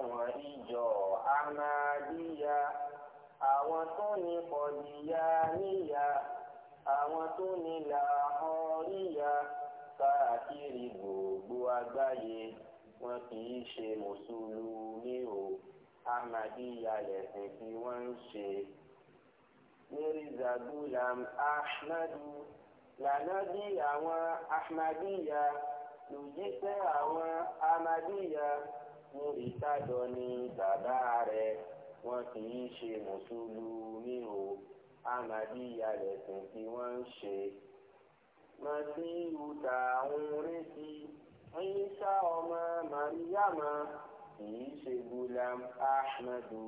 àwọn ìjọ amadíyà àwọn tó ní kọ̀díyà níyà àwọn tó ní làhọ́ríyà káàkiri gbogbo àgbáyé wọn kì í ṣe mùsùlùmí o amadíyà lẹ̀sìn tí wọ́n ń ṣe. Mirza Ahmadu lànàbí àwọn Ahmadíyà lòjíṣẹ́ àwọn ahmadiyya lórí tájọ ní bàbá rẹ̀ wọ́n kì í ṣe mùsùlùmí o amadiya lẹ̀sìn tí wọ́n ń ṣe. masiru tá à ń retí ọmọ mariama kì í ṣe gulam ahmadu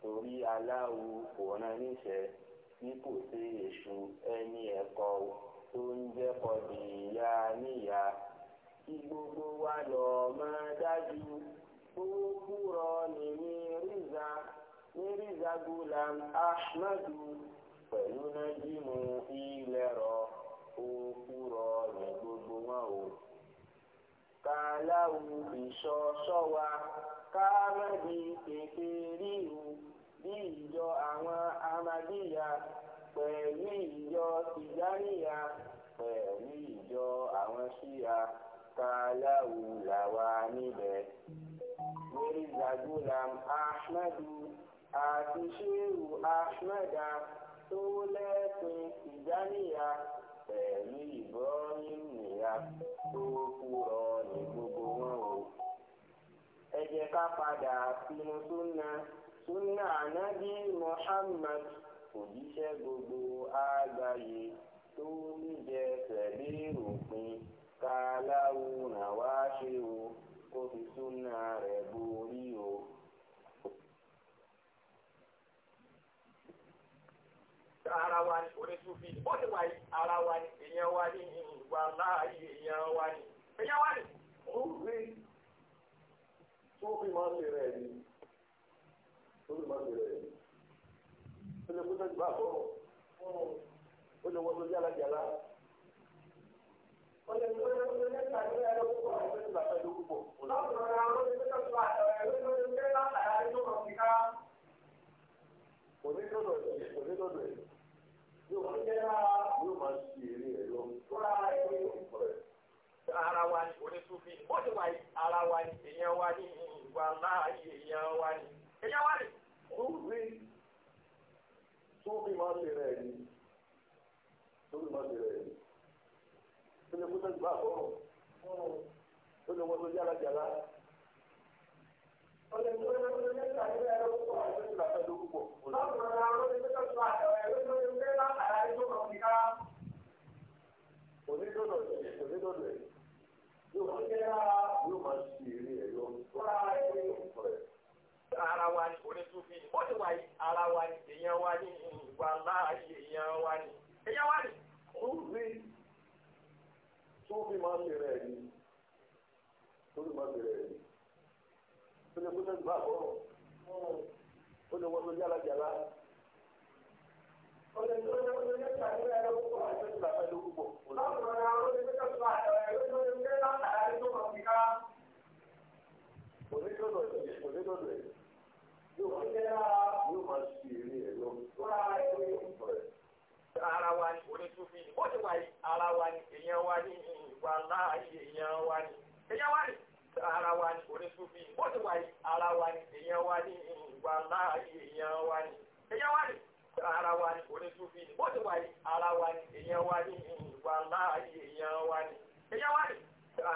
torí aláwo kò tí kò sí èṣù ẹni tó gbogbo wa máa kúrọ̀ ní mírízà mírízà gulam ahmadu pẹ̀lú nájímù ilẹ̀rọ òkúrọ̀ ní gbogbo wọn o. kàláwù ìṣọṣọwa káàmẹ́bí kété ríru bí ìjọ àwọn amadíyà pẹ̀lú ìjọ tìjáníyà pẹ̀lú ìjọ àwọn ṣíya kàláwù làwa níbẹ̀ gulam Ahmedu, àti shehu ahmeda tó lẹ́sìn ìjáníyà pẹ̀lú ìbọ́rin nìyà tó kúrọ̀ ní gbogbo wọn o. ẹ jẹ́ ká padà sínú súnà súnà ànábì muhammad òjíṣẹ́ gbogbo àgbáyé tó níjẹsẹ̀ lé òpin ká láwùrán wá ṣe o kó fi súnà rẹ̀ borí o. ara wa ni onísùfì bó ti wà yìí ara wa ni èèyàn wa ni ìwà láàyè èèyàn wa ni èèyàn wa ni. ó rí tó fi máa ń lè rẹ̀ ni tó fi máa ń rẹ̀ ni ó lè kó sọ́jú bá bọ̀ ó lè wọ́n sọ́jú alájàlá. ọ̀lẹ́ tó lè lọ́wọ́ lẹ́ka ìlú ẹ̀rọ ìgbà pẹ̀lú púpọ̀. onídọ̀dọ̀ ẹ̀ onídọ̀dọ̀ ẹ̀ yóò máa jẹ́ yóò máa ṣe eré ẹ̀ lọ. ara wa ni onísùnfì ó ti wà ara wa ni èèyàn wa ni ìwà láàyè èèyàn wa ni èèyàn wa ni. sùnfì sùnfì máa ń lè ó lọ yára jàlá. ọ̀lẹ́ tó ń lọ sí ẹ̀ka ní ẹ̀rọ púpọ̀ àti ìgbà pẹ̀lú púpọ̀. lọ́sọ̀rọ̀ náà ló ti tẹ́tọ̀ sọ àtẹ̀wẹ̀ ló ti ń gbé látara ẹjọ́ kan kíkà. onídọ̀dọ̀ ẹ̀ onídọ̀dọ̀ ẹ̀ yóò máa ṣe yóò máa ṣe eré ẹ̀ lọ. ara wa ni onítúfin ó ti wà ara wa ni èèyàn wa ni ìwà láàyè èèyàn wa ni èèyàn wa ni. tó fi máa ń ṣe rẹ̀ yìí máa bẹ̀rẹ̀ rẹ̀ ó lè kó sẹ́yìn bá ẹ̀ kò ẹ̀ yóò máa ṣe eré ẹ̀ lọ. ara wa ni onítúfin ó ara wa ni èèyàn wa ni ìwà láàyè èèyàn wa ni èèyàn wa ni ara wa ni kò ní sufi ó ti wà yìí ara wa ni èèyàn wa ni ìwà láàyè èèyàn wa ni èèyàn wa ni ara wa ni kò ní sufi ó ti wà yìí ara wa ni èèyàn wa ni ìwà láàyè èèyàn wa ni èèyàn wa ni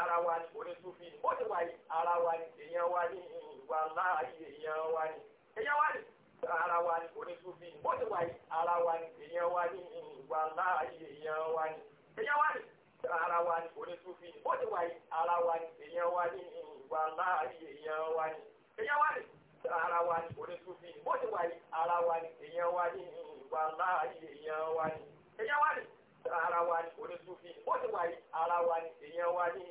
ara wa ni kò ní sufi ó ti wà yìí ara wa ni èèyàn wa ni ìwà láàyè èèyàn wa ni èèyàn wa ni ara wa ni onísùnfì ó ti wà yìí ara wa ni èèyàn wa ní ìwà láàyè èèyàn wa ni èèyàn wa ni ara wa ni onísùnfì ó ti wà yìí ara wa ni èèyàn wa ní wà láàyè èèyàn wa ni èèyàn wa ni ara wa ni onítúfin bó ti wà yìí ara wa ni èèyàn wa ni wà láàyè èèyàn wa ni èèyàn wa ni ara wa ni onítúfin bó ti wà yìí ara wa ni èèyàn wa ni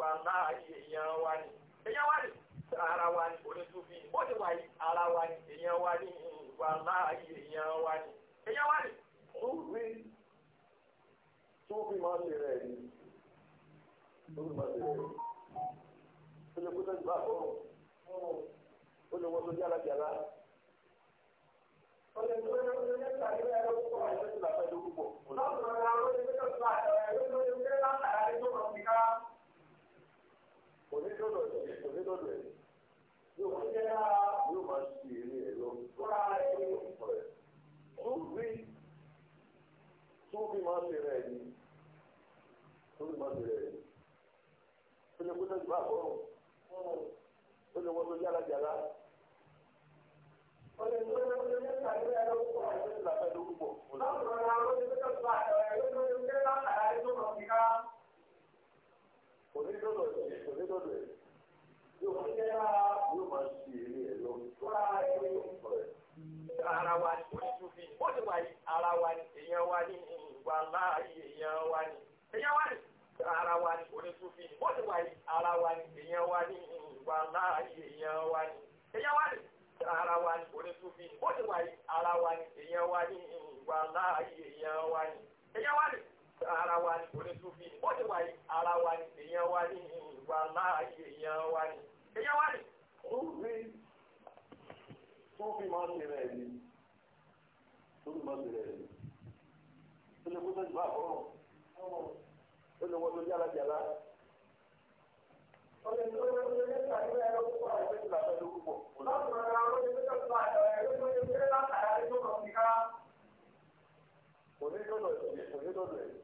wà láàyè èèyàn wa ni èèyàn wa ni ara wa ni onítúfin bó ti wà yìí ara wa ni èèyàn wa ni wà láàyè èèyàn wa ni èèyàn wa ni. Túfin máa ń lè rẹ̀ ni. Túfin máa ń lè rẹ̀ ni ó lè kó tó ìgbà fọ́ọ̀rù ó lè wọ́n tó yára jàlá. ọ̀lẹ́ tó yẹ kó lè ta ilé ẹ̀rọ púpọ̀ ẹ̀rọ ti bàbá ìlú púpọ̀. lọ́sọ̀rọ̀ ni àwọn olóyè tó tó àtẹ̀wé ẹ̀rọ tó yẹ kó látàrí àdéjọ́ kan fi ká. kò ní dọ̀dọ̀ ẹ̀ kò ní dọ̀dọ̀ ẹ̀ yóò máa ṣe yóò máa ṣe eré ẹ̀ lọ. kóra ẹ̀ tó bí máa ṣe rẹ̀ yìí tó bí máa ṣe rẹ̀ yìí tó lè kó tó ìgbà fọ́ọ̀rù ó lè wọ́n tó yára jàrá. ọ̀lẹ́ tó lè wọ́n tó yẹ ara wa ni ara wa ni èèyàn wa ni ìwà èèyàn wa ni èèyàn wa ni ara wa ni onísùfì ni bó ti wà yìí ara wa ni èèyàn wa ni ìwà láàyè èèyàn wa ni èèyàn wa ni ara wa ni onísùfì ni bó ti wà yìí ara wa ni èèyàn wa ni ìwà láàyè èèyàn wa ni èèyàn wa ni ara wa ni onísùfì ni bó ti wà yìí ara wa ni èèyàn wa ni ìwà láàyè èèyàn wa ni èèyàn wa ni. Súfì Súfì máa ń ṣe rẹ̀ ni Súfì máa ń ṣe rẹ̀ ni. Ó lè kó sẹ́yìn bá àkọ́rọ̀ ó lè wọ́n tó yára jàlá. ọ̀sẹ̀ tó lè wọ́n tó yẹ ká ìwé ẹ̀rọ púpọ̀ àti ìgbà pẹ̀lú púpọ̀. láti máa ra ọ̀rọ̀ ìgbésẹ̀ tó bá ẹ̀rọ ìgbésẹ̀ látara ẹ̀rọ tó kọ̀ kò ní lọ́dọ̀ ẹ̀ kò ní lọ́dọ̀ ẹ̀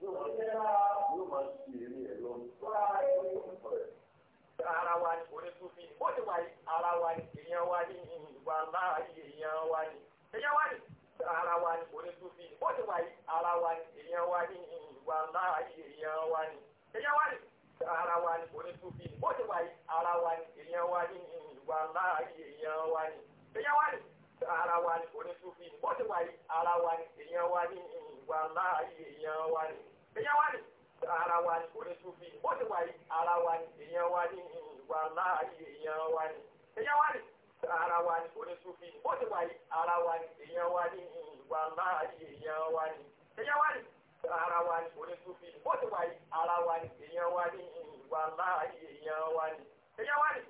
yóò máa yóò máa ṣe eré ẹ̀ lọ. ara wa ni onítúfin bó ti wà yìí ara wa ni èèyàn wa ni ìwà láàyè èèyàn wa ni èèyàn wa ni ara wa ni onítúfin bó ti wà yìí ara wa ni èèyàn wa ni wà láàyè èèyàn wa ni èèyàn wa ni ara wa ni kò ní túbí ni bó ti wà yìí ara wa ni èèyàn wa ni wà láàyè èèyàn wa ni èèyàn wa ni ara wa ni kò ní túbí ni bó ti wà yìí ara wa ni èèyàn wa ni wà láàyè èèyàn wa ni èèyàn wa ni ara wa ni kò ní túbí ni bó ti wà yìí ara wa ni èèyàn wa ni wà láàyè èèyàn wa ni èèyàn wa ni ara wa ni kò ní túbí ni bó ti wà yìí ara wa ni èèyàn wa ni wà láàyè èèyàn wa ni èèyàn wa ni ara wa ni onísùfì ó ti wà ara wa ni èèyàn wa ni ìwà láàyè èèyàn wa ni èèyàn wa ni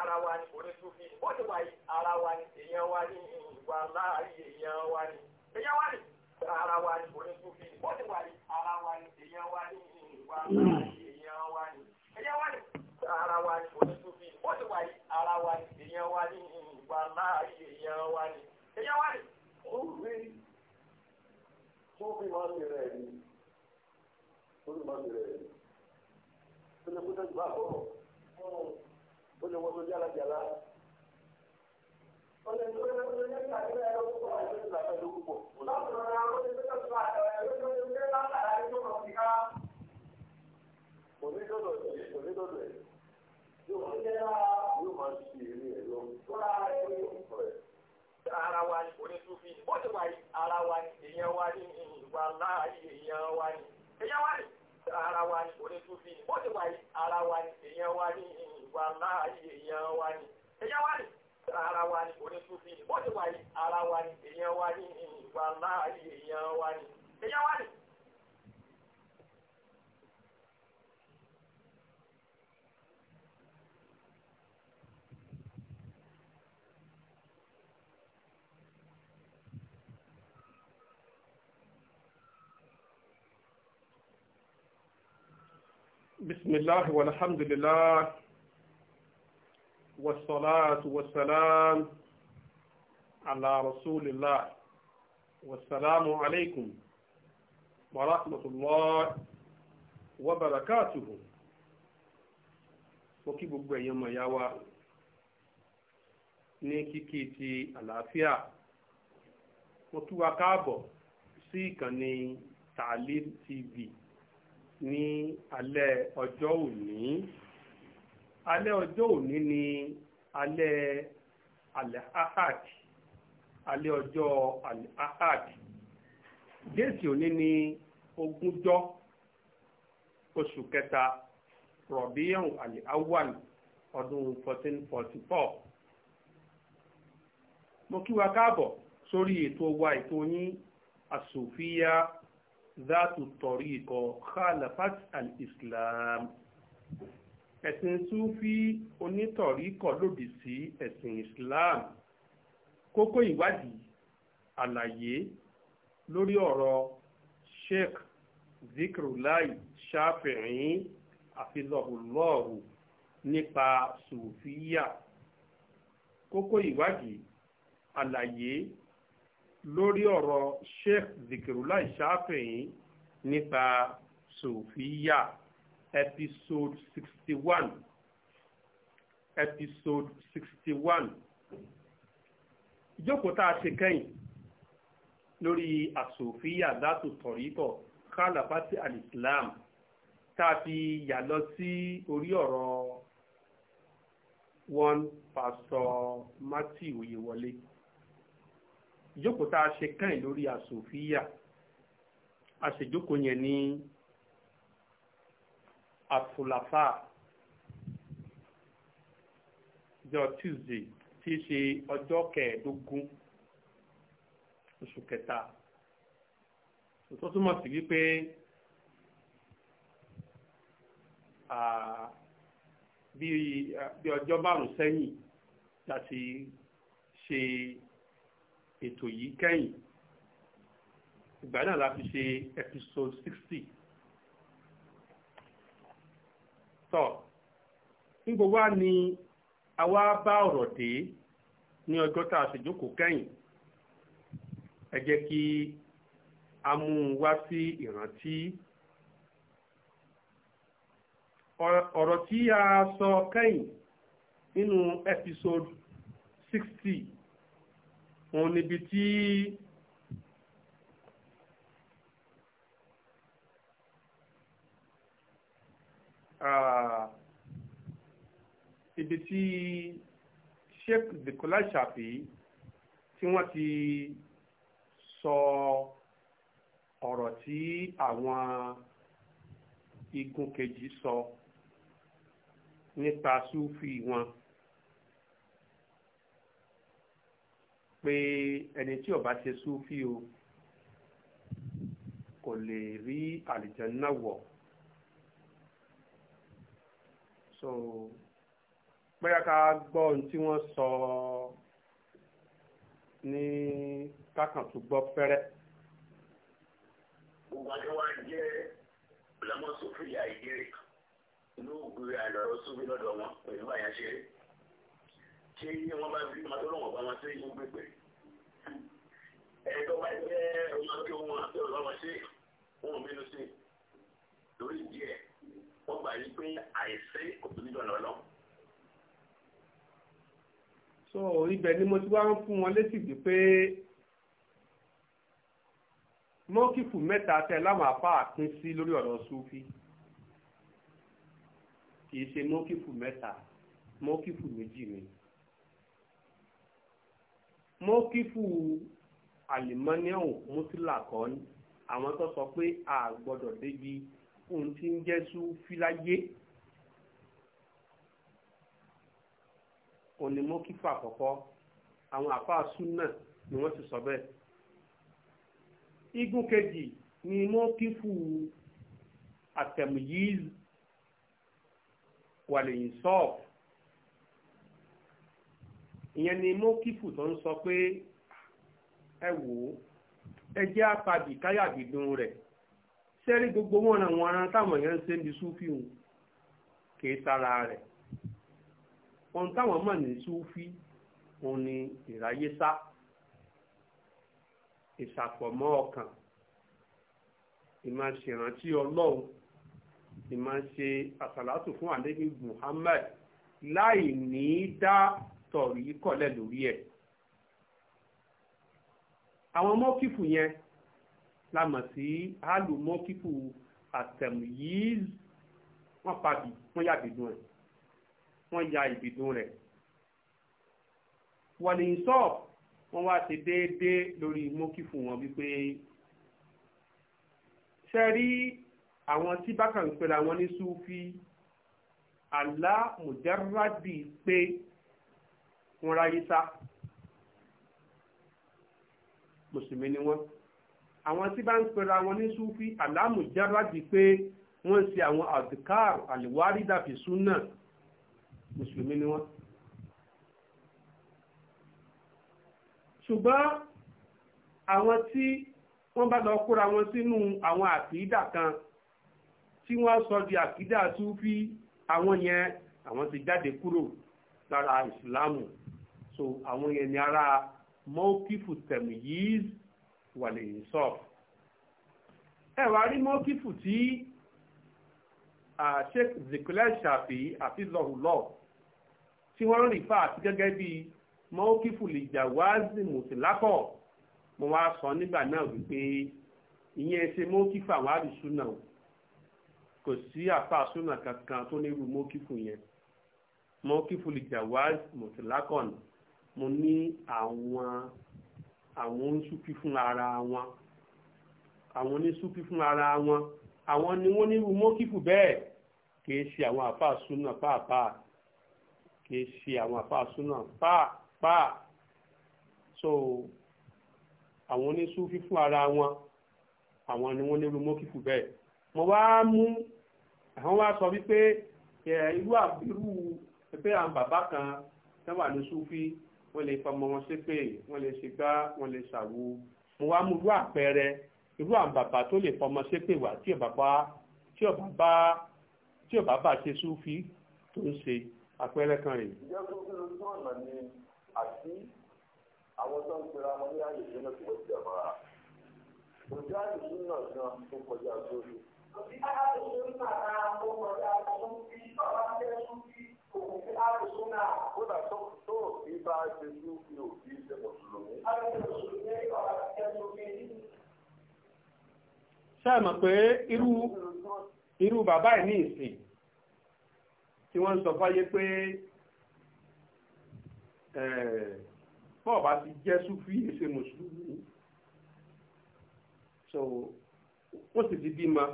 ara wa ni onísùfì ó ti wà ara wa ni èèyàn wa ni ìwà láàyè èèyàn wa ni èèyàn wa ni ara wa ni onísùfì ó ti wà ara wa ni èèyàn wa ni ìwà láàyè èèyàn wa ni èèyàn wa ni ara wa ni onísùfì ó ti wà ara wa ni èèyàn wa ni ìwà láàyè èèyàn wa ni èèyàn wa ni tó fi máa ń tẹ̀lé ẹ̀rí tó fi máa ń tẹ̀lé ẹ̀rí tó lè kó sẹ́jú bá bọ̀ ó lè wọ́n tó yára jàlá. Ọ̀sẹ̀ tó yẹ kó lè ká ilé ẹ̀rọ púpọ̀ àti ìlà pẹ̀lú púpọ̀. Láti rọra ó lè tó tó àtọ̀ ẹ̀rọ tó lè gbé látara ẹni tó lọ sí ká. Onídọ̀dọ̀ ẹ̀ onídọ̀dọ̀ ẹ̀ yóò máa ń ṣe eré ẹ̀ lọ. Wọ́n á rẹ̀ ara wa ni onítúfin bó ti wà ara wa ni èèyàn wa ni láàyè èèyàn wa ni èèyàn wa ni ara wa ni kò ní tún fi bó ti wà yìí ara wa ni èèyàn wa ni ìwà láàyè èèyàn wa ni èèyàn wa ni ara wa ni kò ní tún fi bó ti wà yìí ara wa ni èèyàn wa ni ìwà láàyè èèyàn wa ni èèyàn wa ni. بسم الله والحمد لله والصلاة والسلام على رسول الله والسلام عليكم ورحمة الله وبركاته mo kí gbogbo ẹ̀yin ọmọ ìyá wa ní kíkí ti àlàáfíà mo kí ní alẹ́ ọjọ́ òní alẹ́ ọjọ́ òní ni alẹ́ al-ahad alẹ́ ọjọ́ al déètì òní ni ogúnjọ́ oṣù kẹta rọ̀bíyàn al-awwal ọdún 1444 mo kí wa káàbọ̀ sórí ètò wa ètò yín àsòfíà ذات الطريقة خالفت الإسلام ẹ̀sìn súfí onítọ̀ríkọ̀ lòdì sí ẹ̀sìn Islam kókó ìwádìí àlàyé lórí ọ̀rọ̀ Sheikh Zikrulai Shafi'i àfilọ́hùlọ́hù nípa sùfíyà kókó ìwádìí àlàyé lórí ọ̀rọ̀ Sheikh Zikirullah Shafi'i nípa sofiya episode sixty one episode sixty one ìjókòó tá a ṣe kẹ́yìn lórí àsòfíà dátò tọ̀ríkọ̀ kálàfàtì alìsílám tá a fi yà lọ sí orí ọ̀rọ̀ one pastor Matthew oyewole ìjókòó tá a ṣe kẹ́yìn lórí àsòfíà a ṣèjókòó yẹn ní àfùlàfà ọjọ́ Tuesday tí í ṣe ọjọ́ kẹẹ̀ẹ́dógún oṣù kẹta tó túmọ̀ sí wípé bí ọjọ́ márùn-ún sẹ́yìn láti ṣe. ètò yìí kẹ́yìn ìgbà náà la fi ṣe episode 60 tọ́ ní gbogbo wa ni awa bá ọ̀rọ̀ dé ní ọjọ́ tá a ṣèjókòó kẹ́yìn ẹ jẹ́ kí a mú un wá sí ìrántí ọ̀rọ̀ tí a sọ kẹ́yìn nínú episode 60 òun níbi tí ibi tí Sheikh dikola ṣàfi tí wọ́n ti sọ ọ̀rọ̀ tí àwọn igun kejì sọ nípa súfì wọn. So, pé ẹni tí ó bá ṣe súfì o kò lè rí àlìjánnà wọ̀ so bóyá ká gbọ́ ohun tí wọ́n sọ ní kákàntún gbọ́ fẹ́rẹ́. wọ́n ní wá jẹ́ ọ̀làmọ́sọ̀fìyà ìdírí inú ògùn àlọ́ sófin lọ́dọ̀ wọn pẹ̀lú àyànṣe tí wọ́n bá bí ọmọdé ọlọ́wọ́ bá wọn sí ìlú pépè. ẹ̀ẹ́dọ́ bá jẹ́ ọmọ kí wọn àti ọ̀rọ̀ wọn sí wọn bínú sí lórí díẹ̀ wọ́n gbà yí pé àìsí òtún níjọ́ lọ́lọ́. so ibẹ̀ ni mo ti wá ń fún wọn létí bí pé mọ́kìkù mẹ́ta tẹ láwọn apá àpín sí lórí ọ̀rọ̀ sufi kì í ṣe mọ́kìkù mẹ́ta mọ́kìkù méjì ni mọ́kífù alimọ́níọ̀ mùsùlá kan àwọn tó sọ pé a gbọ́dọ̀ débi ohun tí ń jẹ́ súfì láyé òní mọ́kífù àkọ́kọ́ àwọn àfa súnà ni wọ́n ti sọ bẹ́ẹ̀. igun kejì ni mọ́kífù àtẹ̀mùyíz wàlẹ̀yìn sọ́ọ̀fù ìyẹn ni mọ́kífù tó ń sọ pé ẹ wò ó ẹ jẹ́ apàbì káyàgbìdùn rẹ̀ sẹ́rí gbogbo wọn náà wọn aran táwọn èèyàn ń ṣe ń di súfì hùn kìí sára rẹ̀ ohun táwọn mọ̀ ní súfì òun ni ìráyésá ìṣàfọ̀mọ́ ọkàn ìmọ̀ ọlọ́run ìmọ̀ ṣe fún àdébí Muhammad láì ní í dá sọ̀rí kọ̀lẹ̀ lórí ẹ̀ àwọn mọ́kìfù yẹn la mọ̀ sí àlù mọ́kìfù àtẹ̀mùyíz wọ́n pàbí wọ́n yà ìbìdún rẹ̀ wọ́n ya ìbìdún rẹ̀ wọ̀lìǹsọ́ọ̀ wọ́n wá ṣe déédéé lórí mọ́kìfù wọn wípé ṣe rí àwọn tí bákan pera wọn ní súfì alámùjẹ́rádì pé wọ́n ráyé sá mùsùlùmí ni wọ́n àwọn tí bá ń pera wọn ní súfí àlámù járádì pé wọ́n ṣe àwọn àdìkáàrù àlìwárídà fi súnà mùsùlùmí ni wọ́n ṣùgbọ́n àwọn tí wọ́n bá lọ kóra wọn sínú àwọn àkídà kan tí wọ́n sọ di àkídà súfí àwọn yẹn àwọn ti jáde kúrò lára ìsìláàmù so àwọn yẹn ni ara mọ́kífù tẹ̀mù yìí wà lè sọ ẹ rí mọ́kífù tí sheikh zikule shafi àti lọ́hùlọ́ tí wọ́n rí fà àti gẹ́gẹ́ bí mọ́kífù lè jà wáàzì mùsùlákọ̀ mo wá sọ nígbà náà wípé ìyẹn ṣe mọ́kífù àwọn àdìsú náà kò sí àfa àsúnà kankan tó ní irú mọ́kífù yẹn mọ́kífù lè jà wáàzì mùsùlákọ̀ náà mo ní àwọn àwọn oníṣúpì fún ara wọn àwọn oníṣúpì fún ara wọn àwọn ni wọ́n ní mọ́kìfù bẹ́ẹ̀ kì í ṣe àwọn àfáà súnà pàápàá kì í ṣe àwọn àfáà súnà pàápàá so àwọn oníṣúpì fún ara wọn àwọn ni wọ́n ní mọ́kìfù bẹ́ẹ̀ mo wá mú àwọn wá sọ wípé irú àbírú pé àwọn bàbá kan tẹ́wà ní súfì wọ́n lè fọmọ wọn ṣépè wọ́n lè ṣìgbá wọ́n lè ṣàwo mo wá mú irú àpẹẹrẹ irú àwọn bàbá tó lè fọmọ ṣépè wá tí ò bàbá tí ò bàbá tí ò bàbá ṣe súfì tó ń ṣe àpẹẹrẹ kan rèé. ìjọba tó ń lo tó ọ̀nà ni àti àwọn tó ń pera wọn ní àyè ìṣẹ́nà tó wọ́n ti dàgbà rà kò já ìṣú náà gan tó kọjá sórí. òbí bá a lè ṣe ń bàbá àwọn ọmọ rẹ̀ àwọn ọmọ òkùnkí sẹ́ẹ̀mọ̀ pé irú bàbá ẹ̀ ní ìsìn tí wọ́n sọ fáyé pé bọ́ọ̀bá ti jẹ́ súfì ṣe mùsùlùmí so wọ́n sì ti bímọ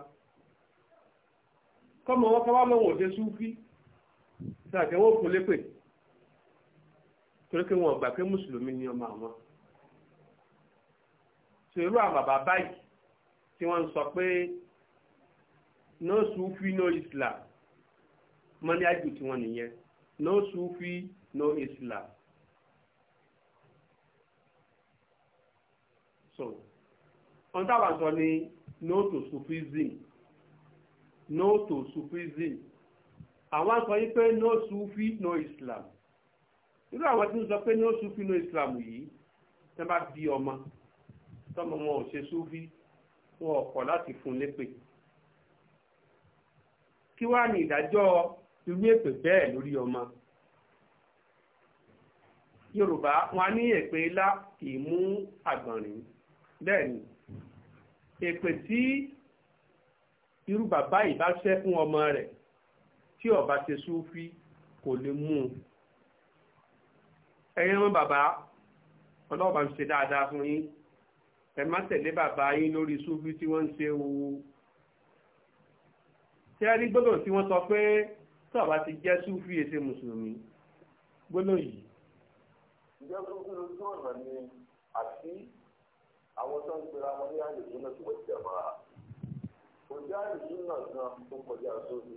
kọ́mọ wọn kọ́ wá lọ́wọ́ ṣe súfì. sàkẹ́ wọ́n kún lépè torí pé wọn ò gbà pé mùsùlùmí ni ọmọ àwọn ṣèrú àwọn bàbá báyìí tí wọ́n ń sọ pé no sufi no islam mọ́ni àjò tí wọ́n nìyẹn no sufi no islam. so ohun táwọn sọ ni no to sufism no àwọn sọ yìí pé no sufi no islam irú àwọn tí ń sọ pé no sufi no islam yìí tẹ́ bá bí ọmọ tọ́mọ wọn ò ṣe sufi wọn ò kọ̀ láti fún lépè kí wàá ní ìdájọ́ irú èpè bẹ́ẹ̀ lórí ọmọ yorùbá wọn á ní èpè ńlá kì í mú àgbọ̀nrín bẹ́ẹ̀ ni èpè tí irú bàbá yìí bá ṣẹ́ fún ọmọ rẹ̀ tí ọba ṣe súfí kò lè mú un ẹ̀yin ọmọ bàbá ọlọ́ọ̀bà ń ṣe dáadáa fún yín ẹ má tẹ̀lé bàbá yín lórí súfí tí wọ́n ń ṣe o tí a rí gbọ́dọ̀ tí wọ́n sọ pé tí ọba ti jẹ́ súfí èsè mùsùlùmí gbọ́dọ̀ yìí. ìjọba tó ń lo ojú ọ̀nà ni àti àwọn tó ń pera wọn ní àlejò náà tó kọjá máa kọjá àlejò náà tó kọjá sóde.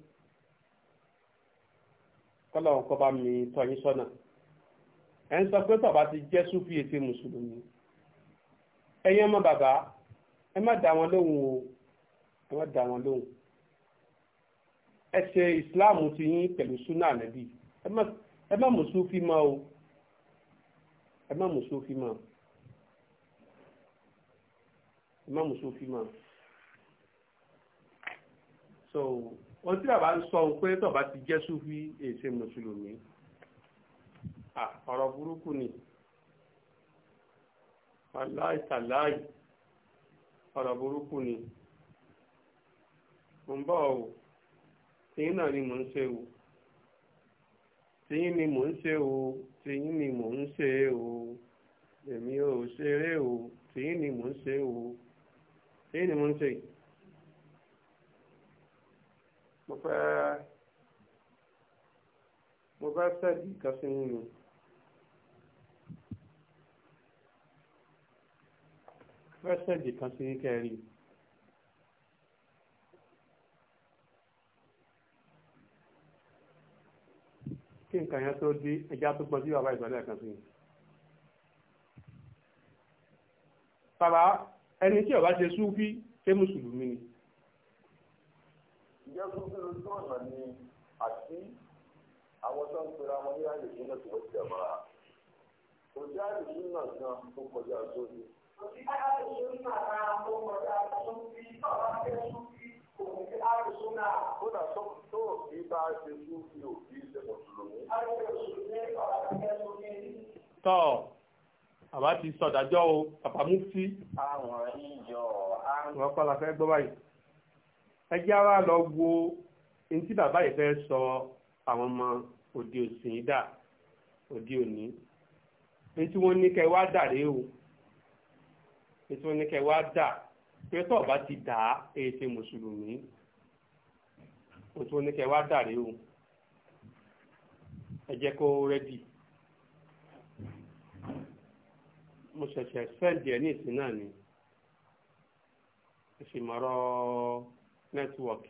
kọ́lọ̀ ọ̀kọ́ mi tọ́ yín sọ́nà ẹ̀ ń sọ pé tọ̀bá ti jẹ́ súfì ètè mùsùlùmí ẹ̀yin ọmọ bàbá ẹ má dá wọn lóhùn o ẹ má dá wọn lóhùn ẹ ṣe ìsìláàmù ti yín pẹ̀lú súnà ànábì ẹ má mú súfì o ẹ má mú súfì ẹ má mú súfì so ohun tí bàbá ń sọ pé tọba ti jẹ́ súfí èsè mùsùlùmí ọ̀rọ̀ burúkú ni aláìsàláì ọ̀rọ̀ burúkú ni mo ń bọ̀ o tìyín náà ni mò ń ṣe o tìyín ni mò ń ṣe o tìyín ni mò ń ṣe o èmi ò ṣeré o tìyín ni mò ń ṣe o tìyín ni mò ń ṣe mo fẹ́ mo fẹ́ sẹ́ẹ̀dì kan sí yín ni. fẹ́ sẹ́ẹ̀dì kan sí kẹrin. kí nǹkan yẹn tó di ẹja tó gbọ́n sí bàbá ìgbàlẹ̀ kan sí yín. bàbá ẹni tí ó bá ṣe súfí ṣé mùsùlùmí ni jẹ́ kó kí lójú ọ̀nà ni àti àwọn tó ń pera wọn ní àyè ìpínlẹ̀ tó wọ́n ti dàgbà rà kò sí àyè ìpínlẹ̀ náà gan tó kọjá sóde. kò sí àyè ìpínlẹ̀ náà tó kọjá sóde tọ́lá fẹ́ kò sí àyè ìpínlẹ̀ náà. kódà tó tó kì í bá a ṣe sóde ò kì í ṣe mùsùlùmí. àyè ìpínlẹ̀ tọ́lá fẹ́ sóde. tọ́ àbá ti sọ̀dájọ́ o bàbá mufti. àwọn ìjọ àwọn. wọ́n kọ́ la fẹ́ gbọ́ báyìí ẹjẹ́ ara lọ wo ní tí bàbá yìí fẹ́ sọ àwọn ọmọ òde òsìn dà òde òní ní tí wọ́n ní kẹ́ wá dà rèé o ní tí wọ́n ní kẹ́ wá dà pé tó bá ti dà á èyí ṣe mùsùlùmí ní wọ́n ní kẹ́ wá dà rèé o ẹ kó rẹ́dì mo ṣẹ̀ṣẹ̀ sẹ́ǹdì ẹ̀ ní ìsìn náà ni ìsìmọ̀rọ̀ network.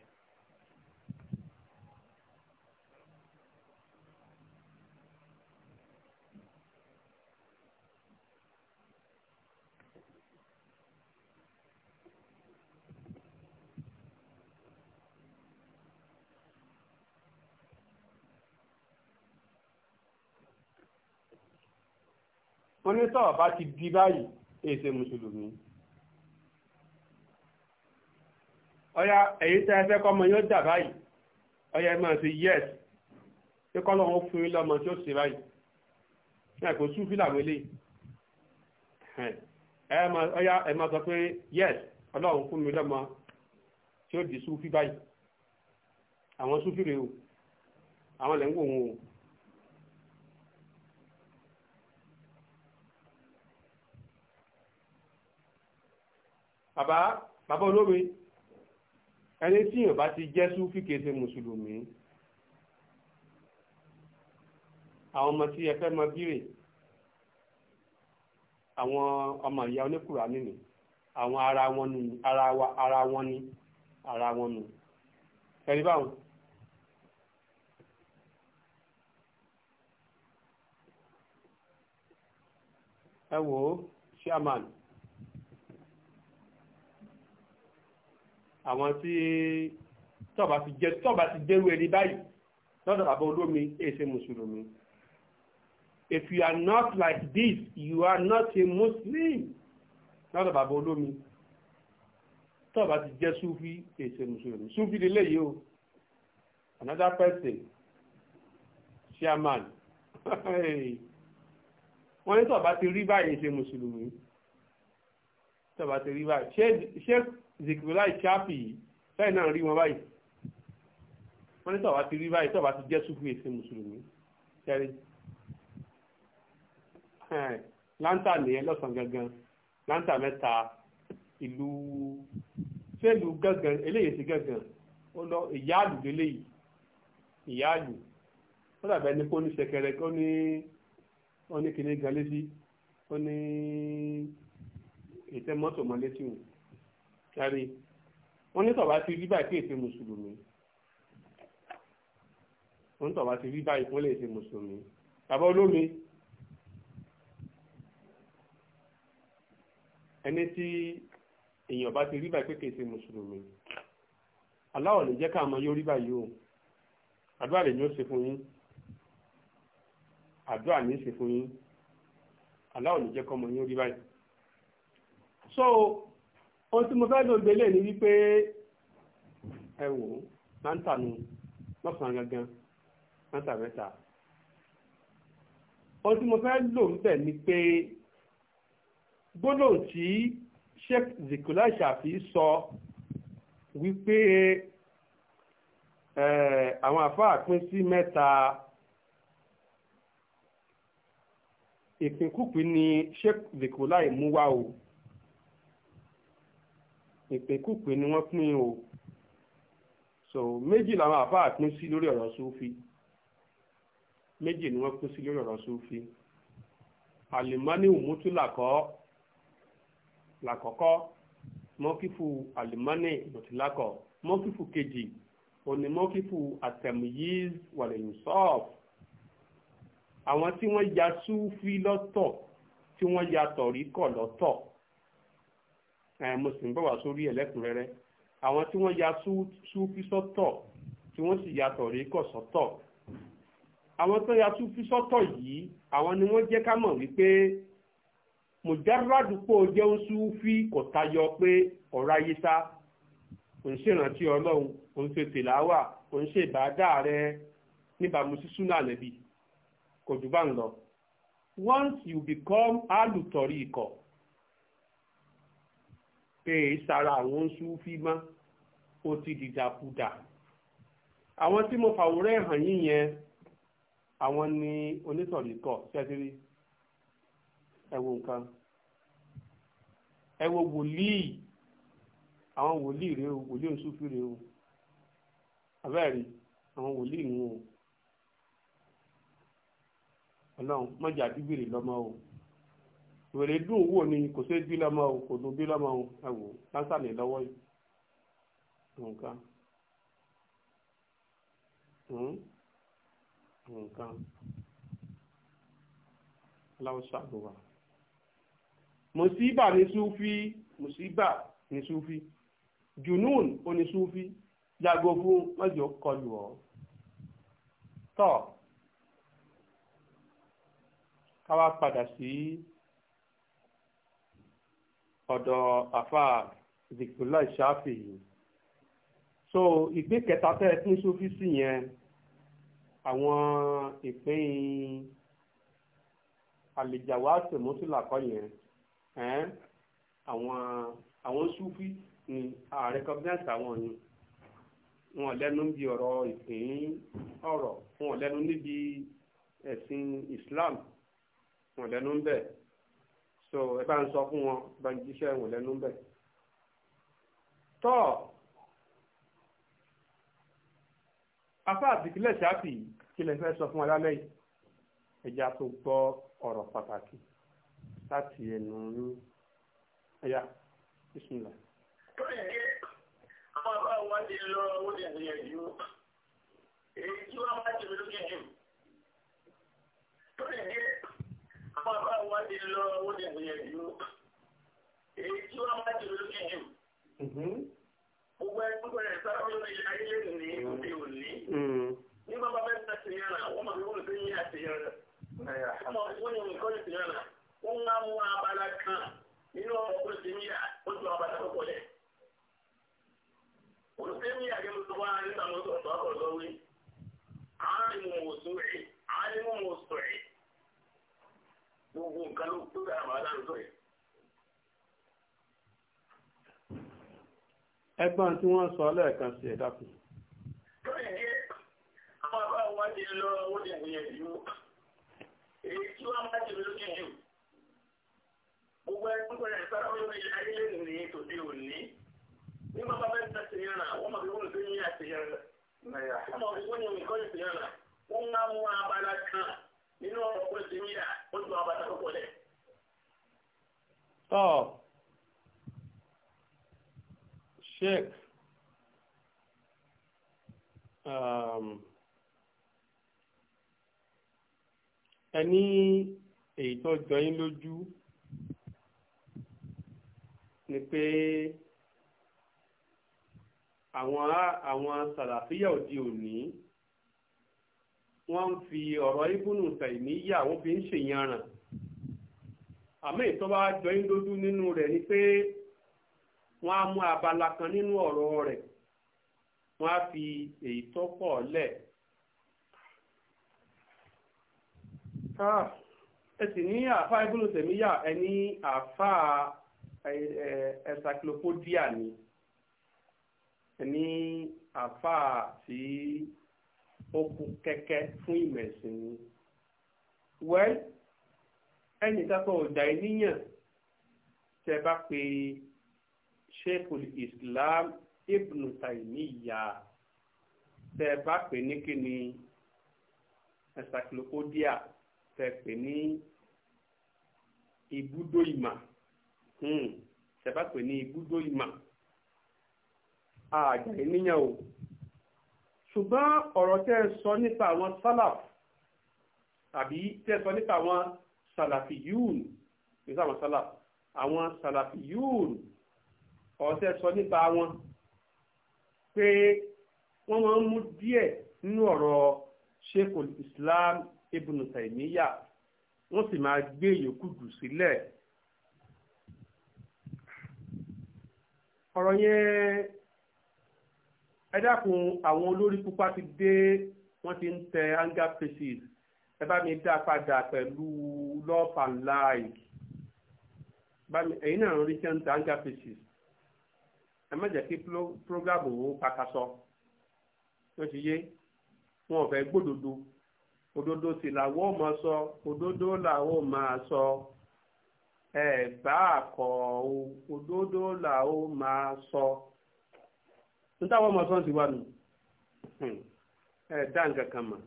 wọ́n ní sọ̀rọ̀ bá ti di báyìí èsè mùsùlùmí. ọ̀yá èyí tẹ́ ẹ fẹ́ kọ́mọ yóò dà báyìí ọ̀yá ẹ máa ṣe yes ṣé kọ́lọ́ wọn fún yín lọ́mọ tí ó ṣe báyìí ní àìkú súfì làwọn eléyìí ọ̀yá ẹ máa sọ pé yes ọlọ́run fún mi lọ́mọ tí ó di súfì báyìí àwọn súfì rèé o àwọn lẹ́ ń wò wọn o. bàbá bàbá olómi ẹni tí yóò bá ti jẹ́ súfì kìí ṣe mùsùlùmí àwọn ọmọ tí ẹ fẹ́ mọ bírè àwọn ọmọ ìyá oníkùrà nínú àwọn ara wọn ni ara wọn ni ara wọn nù ẹ̀rí báwọn. ẹ wò chairman àwọn tí tọ́ba ti jẹ́ tọ́ba ti jẹ́rú ẹni báyìí lọ́dọ̀ bàbá olómi èsè mùsùlùmí. if you are not like this you are not a muslim lọ́dọ̀ bàbá olómi tọ́ba ti jẹ́ súfì èsè mùsùlùmí súfì lélẹ̀ yìí o another person chairman wọ́n ní tọ́ba ti rí báyìí èsè mùsùlùmí tọ́ba ti rí báyìí ṣé zikirulai chapi sẹ́yìn náà rí wọn báyìí wọ́n ní tọ́wá ti rí báyìí tọ́wá ti jẹ́ súfù èsì mùsùlùmí kẹrí láńtà nìyẹn lọ́sàn gangan láńtà mẹ́ta ìlú fẹ́ẹ̀lú gangan eléyìí sí gangan ó lọ ìyáàlú lélẹ́yìí ìyáàlú ó dàbẹ̀ ní kó ní ṣẹkẹrẹ kó ní ó ní kíní gan létí ó ní ètè mọ́tò mọ́ létí wọn kárí wọ́n ní tọ̀bá ti rí báyìí kí èsè mùsùlùmí wọ́n ní tọ̀bá ti rí báyìí fún èsè mùsùlùmí bàbá olómi ẹni tí èèyàn bá ti rí báyìí pé kì í ṣe mùsùlùmí aláwọ̀ lè jẹ́ ká mọ yóò rí báyìí o àdúrà lè ní ó ṣe fún yín àdúrà ní í ṣe fún yín aláwọ̀ lè jẹ́ kọ́ mọ yóò rí báyìí so ohun tí mo fẹ́ lò gbélé ni wípé ẹ wò ó máa ń tà nù mọ́sàn-án gangan máa ń tà mẹ́ta ohun tí mo fẹ́ lò ń bẹ̀ ni pé gbólóhùn tí Sheikh Zikulai Shafi sọ wípé àwọn àfáà pín sí mẹ́ta ìpínkùpín ni Sheikh Zikulai mú wá o ìpèkúpè ni wọ́n pín o so méjì làwọn àfáà pín sí lórí ọ̀rọ̀ súfì méjì ni wọ́n pín sí lórí ọ̀rọ̀ súfì alimani umutu làkọ́ làkọ́kọ́ mọ́kífù alimani mutilákọ̀ mọ́kífù kejì òní mọ́kífù àtẹ̀mùyíz wàlẹ̀yìn sọ́ọ̀f àwọn tí wọ́n ya súfì lọ́tọ̀ tí wọ́n ya tọ̀ríkọ̀ lọ́tọ̀ Eh, mo sì ń bọ̀ wá sórí ẹ̀lẹ́kùnrẹ́rẹ́ àwọn tí wọ́n ya súfí sọ́tọ̀ tí wọ́n sì ya tọ̀ríkọ̀ sọ́tọ̀ àwọn tó ya súfí sọ́tọ̀ yìí àwọn ni wọ́n jẹ́ ká mọ̀ wípé mùjáràdùpọ̀ jẹun súfí kò tayọ pé ọ̀rọ̀ ayé sá òun ṣèrántí ọlọ́run òun ṣe tèláwà òun ṣe ìbádà rẹ níbàámu sí súnà nẹ́bí kò jù ń lọ once you become alùtọ̀rí ikọ̀ èyí e sara àwọn súnfí mọ́ ó ti dìdàkudà àwọn tí mo fàwòrán hàn yín àwọn ni onítọ̀lìkọ̀ ṣẹ́tírí ewu wo nǹkan wo wòlíì àwọn wòlíì rèé o wòlíì fi rèé o abẹ́rẹ́ àwọn wòlíì nù o ọlọ́run mọ̀jà lọ́mọ o. wèrè dùn wò ni kò sí bí lọ́mọ o kò dùn bí lọ́mọ o ẹ wò kánsà ní lọ́wọ́ yìí nǹkan hmm? nǹkan láwùsọ àgbọ̀wà mùsíbà ní súfì mùsíbà ní súfì junun oní súfì yàgò fún mọ́jọ kọlù ọ́ tọ́ káwá padà sí. Si, ọ̀dọ̀ àfà zikula ìṣáfì yìí so ìgbé kẹta tẹ́ ẹ pín sófì sí yẹn àwọn ìpín àlèjàwá àtẹ̀mọ́sílà kọ́ yẹn àwọn àwọn sófì ni ààrẹ kọ́gínáàsì àwọn ni wọn lẹ́nu bí ọ̀rọ̀ ìpín ọ̀rọ̀ wọn lẹ́nu níbi ẹ̀sìn Islam wọn lẹ́nu bẹ́ẹ̀ so ẹ bá ń sọ fún wọn bá ń jíṣẹ́ ìwọ̀n lẹ́nu bẹ̀. tọ́ afá àbíkílẹ̀ ṣáàpì kí lè fẹ́ sọ fún alálẹ́ yìí ẹja tó gbọ́ ọ̀rọ̀ pàtàkì láti ẹnu yín ẹ̀yà bísímìlà. tó yẹ àwọn àbá wa ti lọ ó ti àyẹ̀jú èyí tí wọ́n bá ti lọ. ti lọ ó lè gbìyànjú èyí tí wọ́n máa jù lókè jù. gbogbo ẹni rẹ̀ sábà lórí ayé ní òde òní. ní bàbá bẹ́ẹ̀ ta ṣèyàn wọ́n máa wọ́n fi yín àṣeyàn wọ́n máa wọ́n máa mú abala kan nínú ó nígbà mọ́tò ọ̀tọ̀ gbogbo nǹkan ló tó dára wà láàrúntọ́ yẹn. ẹgbọ́n tí wọ́n sọ lẹ́ẹ̀kan sí ẹ̀dá kù. lórí jẹ́ àwọn àbá wa ti lọ owó ti gbìyànjú èyí tí wọ́n máa ti lójú jù gbogbo ẹgbẹ́ pẹ̀lú sára wọn ní ayé lè ní tòde òní ní bàbá bẹ́ẹ̀ ti tẹ̀sí yàrá wọ́n máa fi wọ́n tó ní àtẹ̀yàrá wọ́n máa fi wọ́n ní nǹkan ìtẹ̀yàrá wọ́n máa mú abala kan nínú ọ̀rọ̀ kúrò sí níyà ó ju àwọn bàtà tó pọ̀ lẹ̀. tọ́ sheik um, ẹ ní èyí tó jọ yín lójú ni pé àwọn àwọn sàlàfíà òde òní wọ́n ń fi ọ̀rọ̀ ibùnú tẹ̀míyà wọ́n fi ń ṣèyànràn àmọ́ ìtọ́ bá jọ ń dojú nínú rẹ̀ ni pé wọ́n á mú abala kan nínú ọ̀rọ̀ rẹ̀ wọ́n á fi èyí tó pọ̀ lẹ̀. ẹ sì ní àáfà ibùnú tẹ̀míyà ẹ ní àáfà encyclopedia ni ẹ ní tí. Si, okùn kẹ̀kẹ́ fún ìmọ̀ ẹ̀sìn ni. wẹ́l ẹnì kankan ò dá níyàn tẹ́ bá pe sheikhul islam ibn taymiya tẹ́ bá pè ní kíni encyclopedia tẹ́ pè ní ibùdó ìmọ̀ hmm, tẹ́ bá pè ní ibùdó ìmọ̀ àjà ènìyàn o ṣùgbọ́n ọ̀rọ̀ tẹ́ ẹ sọ nípa àwọn salaf tàbí tẹ́ ẹ sọ nípa àwọn salafiyun kì sáwọn salaf àwọn salafiyun ọ̀rọ̀ tẹ́ ẹ sọ nípa wọn pé wọ́n máa ń mú díẹ̀ nínú ọ̀rọ̀ Sheikhul Islam Ibn Taymiyyah wọ́n sì máa gbé yòókù jù sílẹ̀ ọ̀rọ̀ yẹn ẹ dákun àwọn olórí pupa ti dé wọ́n ti ń tẹ anger faces ẹ bá mi dá padà pẹ̀lú love and like ẹ̀yin náà ń rí ṣe ń tẹ anger faces ẹ má jẹ́ kí program òun pakasọ ló ti yé wọn ò fẹ́ gbódodo òdodo sì làwọn ò máa sọ òdodo làwọn ò máa sọ ẹ bá àkọ òdodo làwọn ò máa sọ ń táwọn ọmọ sọ́ọ̀sì wà nù hmm. ẹ dá nǹkan kan mọ̀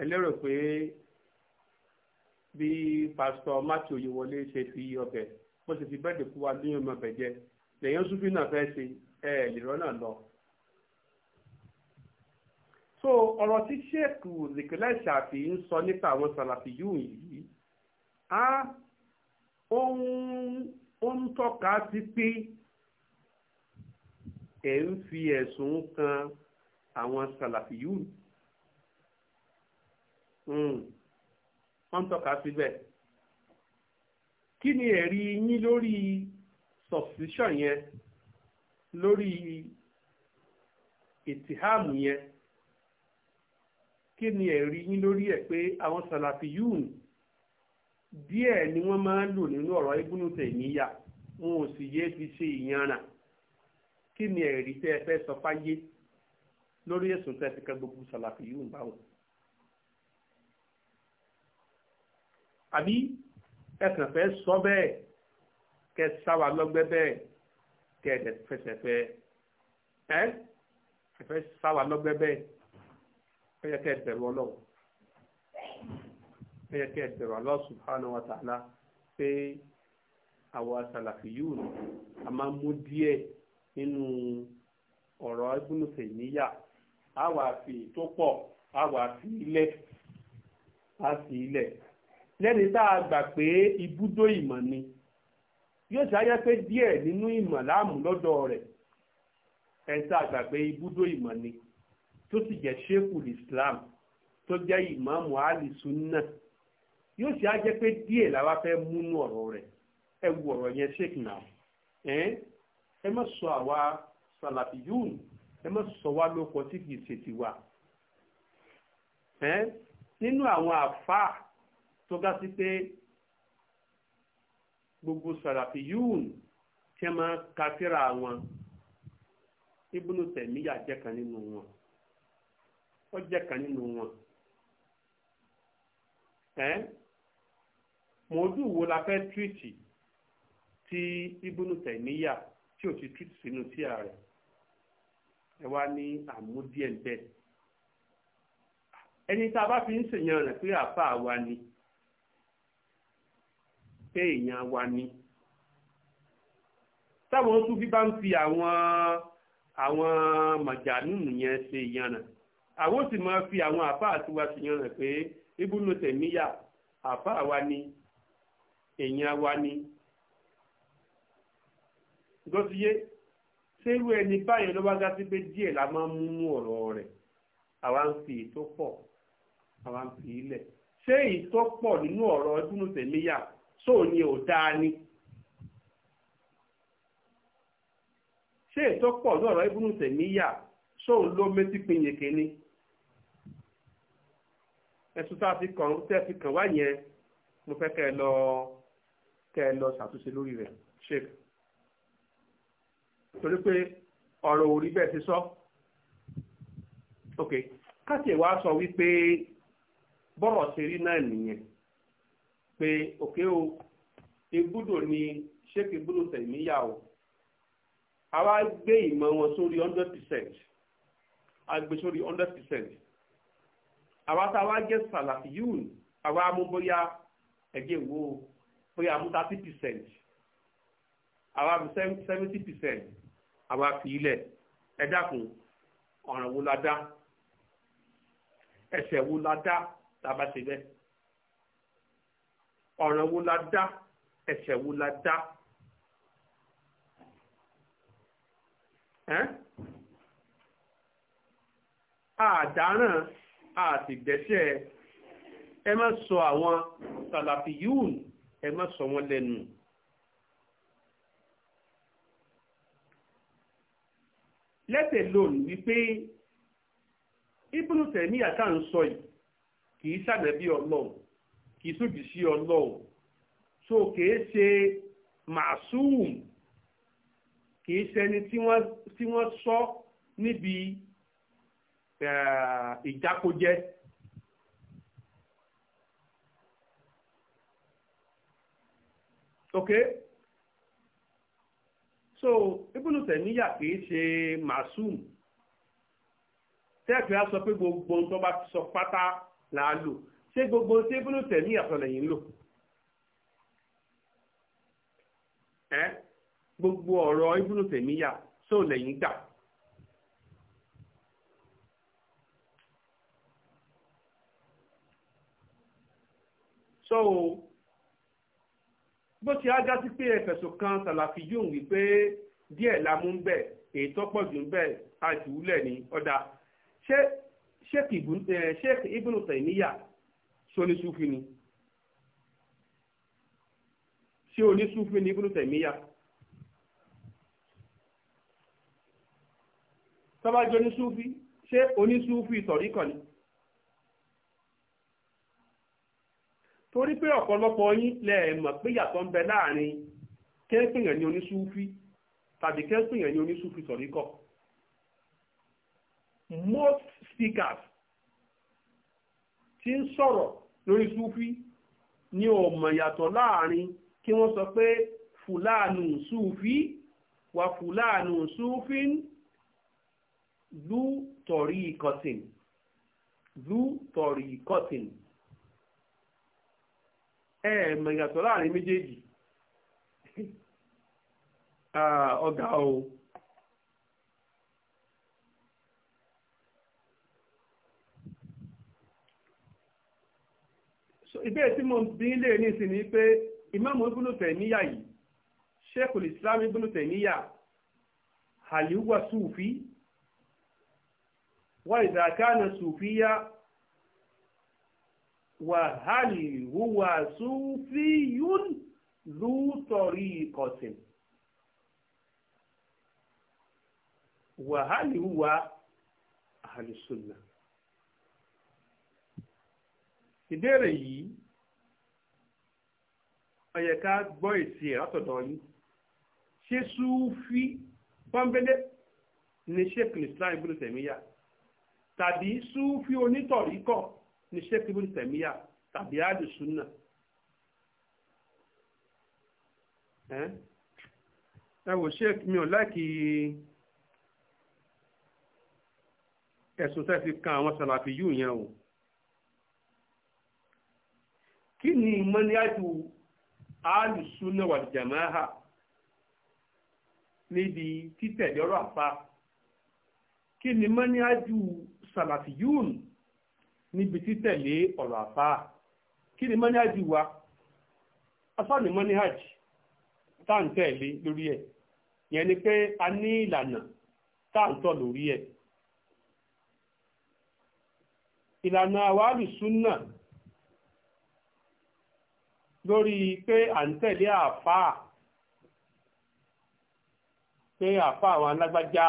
ẹ lérò pé bí pásítọ̀ Matthew Oyewole ṣe fi ọbẹ̀ bó ṣe fi bẹ́ẹ̀dì kú wa lóyún ọmọ ọbẹ̀ jẹ lèyàn súnfì náà fẹ́ ṣe ẹ lèrọ náà lọ. so ọ̀rọ̀ tí sheik zikilẹ̀ ṣàfi ń sọ nípa àwọn sàlàfíyùn yìí á ó ń tọ́ka sí pé ẹ̀ ń fi ẹ̀sùn kan àwọn sàlàfíyù hmm. wọ́n ń tọ́ka síbẹ̀ kí ni ẹ̀rí yín lórí substitution yẹn lórí ìtìhámù yẹn kí ni ẹ̀rí yín lórí ẹ̀ pé àwọn sàlàfíyù díẹ̀ ni wọ́n máa ń lò nínú ọ̀rọ̀ ibùnú tèmíyà wọn ò sì yé fi ṣe ìyanràn kí ni ẹ̀rí tẹ́ ẹ fẹ́ sọ fáyé lórí ẹ̀sùn tẹ́ ẹ fi kẹ́ gbogbo sàlàfì yìí ń bá wọn. àbí ẹ̀sìn fẹ́ sọ bẹ́ẹ̀ kẹ́ sáwà lọ́gbẹ́ bẹ́ẹ̀ kẹ́ ẹ̀dẹ̀ fẹsẹ̀ fẹ́ ẹ́ ẹ̀fẹ́ sáwà lọ́gbẹ́ bẹ́ẹ̀ ẹ yẹ kẹ́ ẹ bẹ̀rù ọlọ́run ẹ yẹ kẹ́ ẹ bẹ̀rù Allah subhanahu wa ta'ala pé àwọn sàlàfì yìí a máa mú díẹ̀. nínú ọ̀rọ̀ ibùnùfẹ̀ níyà àwà wà fi tó pọ̀ á wà fi ilẹ̀ á fi ilẹ̀ lẹ́ni tá a gbà pé ibùdó ìmọ̀ ni yóò ṣáyẹ́ pé díẹ̀ nínú ìmọ̀ láàmú lọ́dọ̀ rẹ̀ ẹ̀ tá a gbà pé ibùdó ìmọ̀ ni tó sì jẹ́ sheikhul islam tó jẹ́ ìmáàmù alisunna yóò ṣe á jẹ́ pé díẹ̀ làwa fẹ́ múnú ọ̀rọ̀ rẹ̀ ẹ wu ọ̀rọ̀ yẹn sheikh náà ẹ má sọ àwa sàlàfíyùn ẹ má sọ wá lóko tí kìí ṣe tiwa ẹ nínú àwọn àfáà tó ga sí pé gbogbo sàlàfíyùn tí wọ́n máa ka tírà wọn Ibnu Tẹ̀míyà jẹ́ kan nínú wọn ó jẹ́ kan nínú wọn ẹ wo la fẹ́ túwìtì tí Ibnu Tẹ̀míyà tí ò ti tú sínú tíà rẹ̀ ẹ wá ní àmúdíẹ̀ bẹ́ẹ̀ ẹni tá a bá fi ń sèyàn rẹ̀ pé àáfàá wa ni pé èèyàn wa ni táwọn tún fi bá ń fi àwọn àwọn màjànúnù yẹn ṣe èèyàn rẹ̀ àwọn sì máa fi àwọn àáfàá tiwa sèyàn rẹ̀ pé ibùdó tẹ̀míyà àáfàá wa ni èèyàn wa ni tó ti yé sẹ́rù ẹni báyẹn ló wá gá díẹ̀ la máa ń mú ọ̀rọ̀ rẹ̀ àwa ń fi èyí tó pọ̀ àwa ń fi ilẹ̀ ṣé èyí tó pọ̀ nínú ọ̀rọ̀ ìbúnú tẹ̀míyà sóò ni ò dáa ni ṣé èyí tó pọ̀ nínú ọ̀rọ̀ ìbúnú tẹ̀míyà sóò ló méjì pinyeke ni ẹ̀sùn tá a fi kàn tẹ́ fi kàn wá yẹn mo fẹ́ kẹ́ ẹ lọ kẹ́ ẹ lọ ṣàtúnṣe lórí rẹ̀ ṣe torí pé ọ̀rọ̀ òrí bẹ́ẹ̀ ti sọ ok káti ẹ̀ wá sọ wípé bọ́rọ̀ ṣe rí náà nìyẹn pé òkè o ibùdó ni ṣéèkì ibùdó tẹ̀míyà o àwa gbé ìmọ̀ wọn sórí hundred percent a gbé sórí hundred percent àwa tá a wá jẹ́ sàlàfíyùn àwa mú bóyá ẹ̀jẹ̀ wo bóyá mú thirty percent àwa mú seventy percent àwa fi ilẹ̀ ẹ dákun ọ̀ràn wo la dá ẹsẹ̀ wo la dá tàbá ṣe bẹ́ẹ̀ ọ̀ràn wo la dá ẹsẹ̀ wo la dá àdáràn àtìgbẹ́sẹ̀ ẹ má sọ àwọn sàlàfíyùn ẹ má sọ wọn lẹ́nu. lẹ́tẹ̀ lónìí wípé ibùdó tẹ̀mí àká ń sọ yìí kì í ṣàgbẹ̀bí ọlọ́run kì í sójì sí ọlọ́run so kì í ṣe màsúùm kì í ṣẹni tí wọ́n sọ níbi ìjákójẹ. okay so ibùdó tẹ̀míyà kìí ṣe màsúùm tẹ́ẹ̀kì á sọ pé gbogbo tó bá sọ pátá là á gbogbo tí ibùdó tẹ̀míyà sọ lẹ́yìn lò ẹ́ gbogbo ọ̀rọ̀ ibùdó tẹ̀míyà sọ lẹ́yìn gbà. so bó ti ájá sí pé ẹ̀fẹ̀sùn kan sàlàfi yóò wípé díẹ̀ la mú ń bẹ̀ èyí tó pọ̀ jù ń bẹ̀ àjùúlẹ̀ ní ọ̀dà sheikh ibn taymiya ṣoníṣúfin ni ṣé oníṣúfin ni ibn taymiya tọ́bájú oníṣúfin ṣé oníṣúfin ìtọ̀ríkọ̀ ni. torí pé ọ̀pọ̀lọpọ̀ yín lẹ mọ̀ pé yàtọ̀ ń bẹ láàrin kẹ́ńpìyàn ní oníṣúfí tàbí kẹ́ńpìyàn ní oníṣúfí sọ̀ríkọ̀ most speakers tí ń sọ̀rọ̀ lórí súfí ni ò mọ̀ yàtọ̀ láàrin kí wọ́n sọ pé fùlànù súfí wà fùlànù súfín zú tọ̀rí ìkọ̀tìn ẹ mọ̀ ìyàtọ̀ láàrin méjèèjì ah, ọ̀gá o ìbéèrè tí mo bí lè ní ìsìn ni pé ìmáàmù Ibn Taymiyyah yìí Sheikhul Islam Ibn Taymiyyah hal huwa Sufi wa idha kana wàhálì huwa sufiyun lùtọ̀rí kọ̀sìn wàhálì huwa àhàlùsùnà. ìbéèrè yìí ó yẹ ká gbọ́ èsì ẹ̀ látọ̀dọ̀ yín ṣé súfí pọ́nbélé ni sheikh islam ibùdó tẹ̀míyà tàbí súfí onítọ̀ríkọ̀ ní sheikh ibn tẹ̀míyà tàbí àdùsúnà ẹ wò sheikh mi ò láìkí ẹ̀sùn tẹ́ fi kan àwọn sàlàfì yìí yẹn o kí ni mọ́níyàtù àlùsúnà wàlìjàmáhà níbi títẹ̀lé ọ̀rọ̀ àpá kí ni mọ́níyàtù sàlàfì yìí níbi títẹ̀lé ọ̀rọ̀ àfáà kí ni mọ́níhàjì wa asọ́ọ̀nì mọ́níhàjì tá ń tẹ̀lé lórí ẹ̀ yẹn ni pé a ní ìlànà tá ń tọ̀ lórí ẹ̀ ìlànà àwárí súnà lórí pé à ń tẹ̀lé àfáà pé àfáà àwọn alágbájá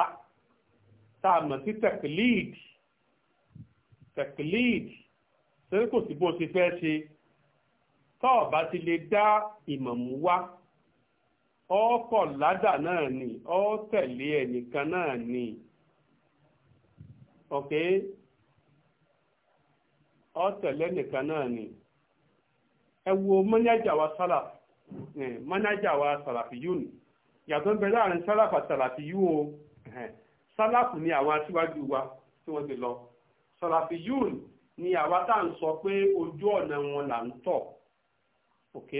tá a mọ̀ sí tẹ̀kìlíìdì tẹ̀kílíìd torí kò sí bó ṣe fẹ́ ṣe tó o bá ti lè dá ìmọ̀mú wá ọkọ̀ ládà náà ni ọ tẹ̀lé ẹnìkan náà ni ok ọ ẹnìkan náà ni ẹ wo mọ́nájà wa sálàf mọ́nájà wa sàlàfíyùn yàtọ̀ ń bẹ láàrin sálàf àti sàlàfíyùn o sálàf ni àwọn aṣíwájú wa tí wọ́n ti lọ sọ̀ràfíyùn ni àwa tá à ń sọ pé ojú ọ̀nà wọn là ń tọ̀ ok.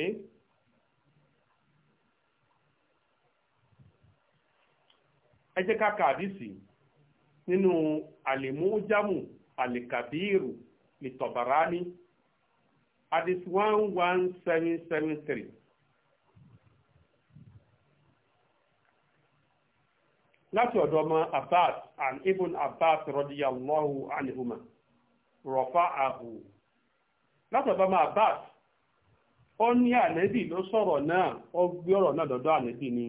ẹ jẹ́ ká àdìsí nínú àlèmójámù àlèkàbíìrù ìtọ̀bàrání àdìsí one one seven seven three. láti ọ̀dọ̀ ọmọ abbas and ibn abbas radiyallahu anhuma rafa'ahu láti ọ̀dọ̀ ọmọ abbas ó ní ànẹ́bì ló sọ̀rọ̀ náà ó gbé ọ̀rọ̀ náà dọ̀dọ̀ ànẹ́bì ní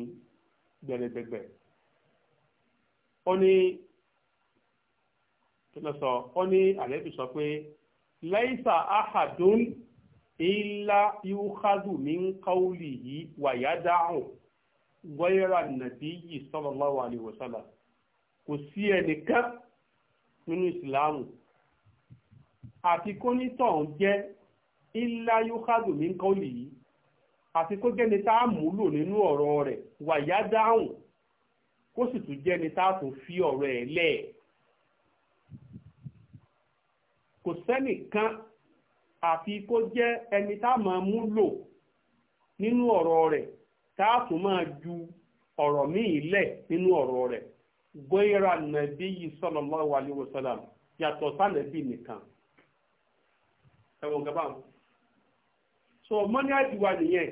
gbẹ̀rẹ̀gbẹ̀gbẹ̀ ó ní tọ́lọ́sọ ó ní ànẹ́bì sọ pé gbọ́yẹ́rà nàbí yìí sallallahu alaihi wasallam kò sí ẹnìkan nínú ìsìláàmù àti kó nítọ̀ ń jẹ́ illa yukhadu min qawlihi àti kó jẹ́ni tá a múlò nínú ọ̀rọ̀ rẹ̀ wàyá dáhùn kó sì tún jẹ́ni tá a tún fi ọ̀rọ̀ ẹ̀ lẹ̀ kò sẹ́nìkan àfi kó jẹ́ ẹni tá a máa múlò nínú ọ̀rọ̀ rẹ̀ táàtù máa ju ọ̀rọ̀ míì lẹ̀ nínú ọ̀rọ̀ rẹ̀ gbéra nàbí yìí sallallahu alaihi salam yàtọ̀ sánàbí nìkan ẹ̀wọ̀n gaba so mọ́ní àdìwà nìyẹn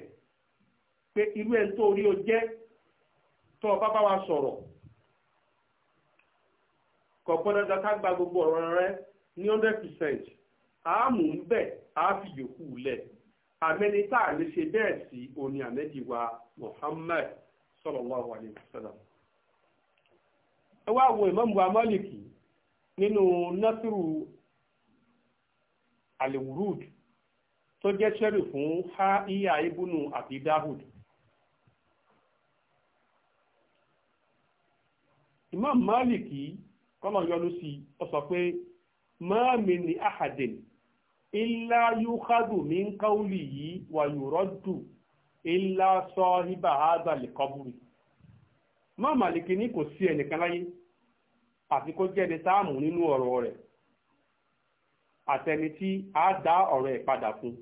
pé irú ẹ̀ tó orí o jẹ́ tó o bá bá wa sọ̀rọ̀ kọ̀ọ̀kan dandan ká gba gbogbo ọ̀rọ̀ rẹ ní hundred percent àámú ń bẹ̀ àá fi àmẹ́ni tá à lè ṣe bẹ́ẹ̀ sí òní ànẹ́bí wa Muhammad sallallahu alayhi wa sallam. ẹ wá wo ìmáàmù wa Málìkì nínú nasiru aliwurud tó jẹ́ sẹ́rì fún ha iya ibùnú àti dahud. ìmáàmù Málìkì kọ́lọ̀ yọnu sí ọ sọ pé máàmì ni ahadin illa yúkádù mi ń káwùlì yìí ịla sọ ibà ágbàlẹ̀ kọ́bùrì má màlìkì kò sí ẹnìkan láyé àfi kó jẹ́ni nínú ọ̀rọ̀ rẹ̀ àtẹni tí a dá ọ̀rọ̀ ẹ̀ padà fún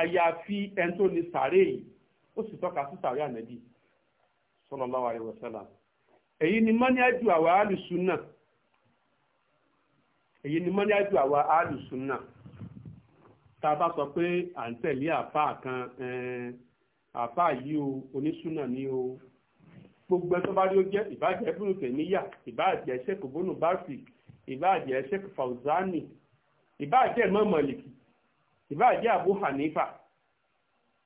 àyàfi ẹni tó ní sàárè yìí ó sì tọ́ka sí sàárè ànẹ́bí tá a bá sọ pé à ń tẹ̀lé àfáà kan eh, àfáà yìí o onísùnà ni o gbogbo ẹ tó bá rí ó jẹ́ ìbàjẹ́ bùnú tèmíyà ìbàjẹ́ sẹ́kù bùnú báfì ìbàjẹ́ sẹ́kù fàwùzánì ìbàjẹ́ mọ́mọ́lìkì ìbàjẹ́ abu hanifa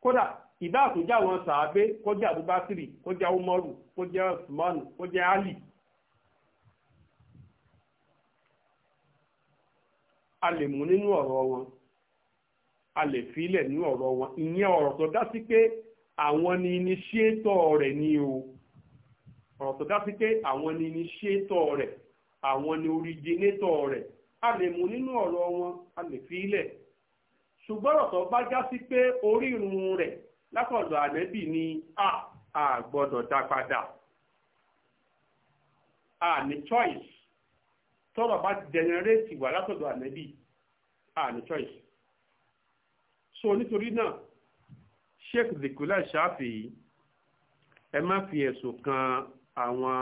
kódà ìbá àtúnjà wọn sàábé kọjá abubakiri kọjá umaru kọjá usman kọjá ali. a lè mú nínú ọ̀rọ̀ wọn a lè filẹ̀ nínú ọ̀rọ̀ wọn ìyẹn ọ̀rọ̀ tó dá sí pé àwọn ni initiator rẹ̀ ni o ọ̀rọ̀ tó dá sí pé àwọn ni initiator rẹ̀ àwọn ni originator rẹ̀ a lè mú nínú ọ̀rọ̀ wọn a lè filẹ̀ ṣùgbọ́n ọ̀rọ̀ tó bá já sí pé orírun rẹ̀ lákọ̀dọ̀ ànẹ́bì ni a a gbọ́dọ̀ dá padà a ní choice tọ́rọ̀ bá generate wà látọ̀dọ̀ ànẹ́bì a ní choice so nítorí náà sheikh zikula ṣáfì ẹ má fi ẹ̀sùn kan àwọn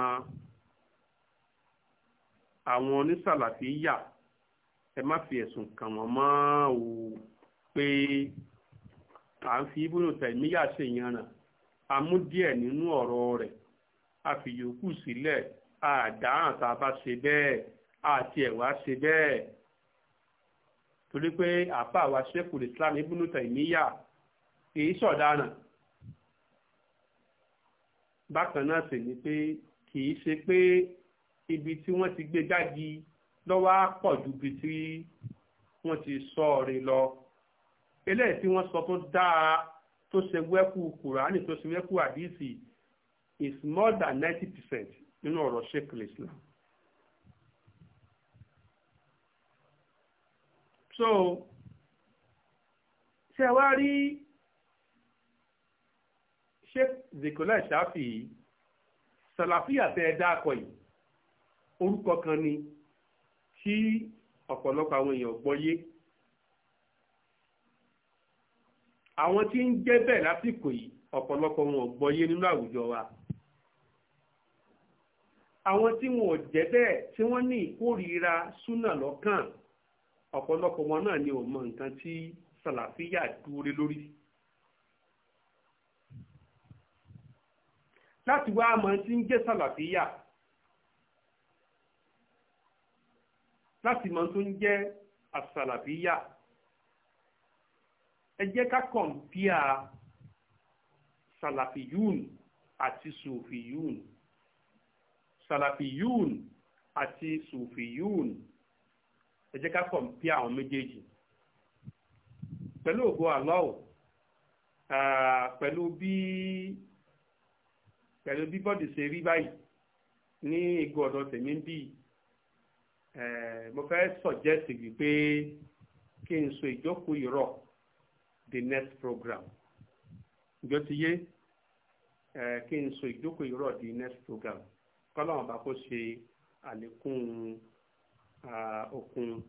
àwọn onísàlàfíyà ẹ má fi ẹ̀sùn kàn wọ́n mọ́ o pé à ń fi ibùdó tẹ̀míyà ṣe ìyanràn a mú díẹ̀ nínú ọ̀rọ̀ rẹ̀ a fi yòókù sílẹ̀ àdáhàn tá a bá ṣe bẹ́ẹ̀ àti ẹ̀wà ṣe bẹ́ẹ̀ torí pé àpá wa Sheikhul Islam Ibn Taymiyyah kìí ṣọ̀daràn bákan náà sì ni pé kìí ṣe pé ibi tí wọ́n ti gbé jáde lọ́wọ́ á pọ̀ ju ibi tí wọ́n ti sọ ọ̀rẹ́ lọ eléyìí tí wọ́n sọ tó dáa tó ṣe wẹ́kù kùránì tó ṣe wẹ́kù àdìsí is more than ninety percent nínú ọ̀rọ̀ Sheikhul Islam. so ṣe wá rí sheikh zikola ṣáfì sàlàfíà tẹ ẹ dáàkọ yìí orúkọ kan ni tí ọ̀pọ̀lọpọ̀ àwọn èèyàn gbọ́yé àwọn tí ń jẹ́ bẹ́ẹ̀ lásìkò yìí ọ̀pọ̀lọpọ̀ wọn ò gbọ́yé nínú àwùjọ wa àwọn tí wọn ò jẹ́ bẹ́ẹ̀ tí wọ́n ní ìkórìíra súnà lọ́kàn ọ̀pọ̀lọpọ̀ wọn náà ni ò mọ nǹkan tí sàlàfíà dúró lórí. láti wá mọ tí ń jẹ́ sàlàfíà láti mọ tó ń jẹ́ àsàlàfíà ẹ jẹ́ ká kọ̀ǹpìà sàlàfíyùn àti sùfìyùn sàlàfíyùn àti sùfìyùn ẹ jẹ́ ká kọ̀m̀pí àwọn méjèèjì pẹ̀lú ògo àlọ́ọ̀ pẹ̀lú bí pẹ̀lú bí bọ́ọ̀dì ṣe rí báyìí ní igun ọ̀dọ̀ tèmi ń bì mo fẹ́ sọ̀jẹ́sì wípé kí n so ìjókòó ìrọ̀ the next program ìjọ ti yé kí n so ìjókòó ìrọ̀ the next program kọ́lọ́mọba kó ṣe àlékún okun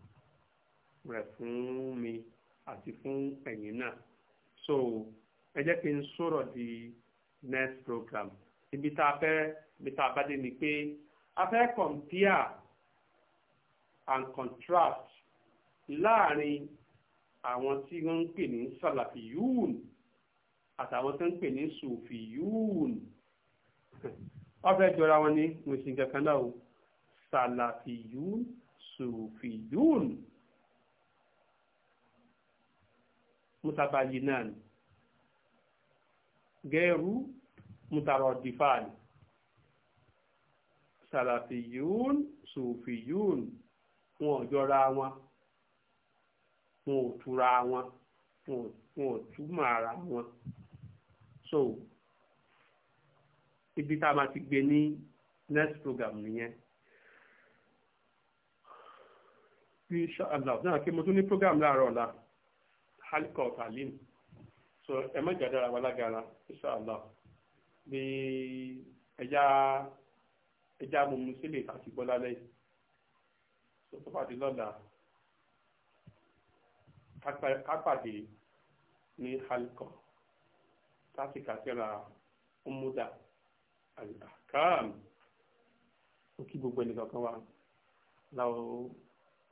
rẹ̀ fún mi àti fún ẹ̀yin náà so ẹ jẹ́ kí n sọ̀rọ̀ di next program ibi tá a fẹ́ ibi tá a bá dé ni pé a fẹ́ compare and contrast láàrin àwọn tí wọ́n ń pè ní sàlàfíyùn àtàwọn tó ń pè ní sùfìyùn wọ́n fẹ́ jọra wọn ní mùsùlùmí kankan náà o sàlàfíyùn asùfìyún mutabayinan gẹ́rù mutarọ̀dìfàn sàlàfìyún sùfìyún wọn ò jọra wọn wọn ò túra wọn wọn ò túmọ̀ ara wọn so ibi tá a máa ti gbé ní next program nìyẹn. insha Allah náà kí mo tún ní program láàárọ̀ ọ̀la halikọ̀ talim so ẹ má jà dára wa lágara insha Allah bí ẹja ẹja mumu sílẹ̀ àti gbọ́lá lẹ́yìn so tó bá di lọ́la kápàdé ní halikọ̀ láti kàtẹ́ra ọmúdà àlùkàkàm ó kí gbogbo ẹnìkan kan wá láwọn.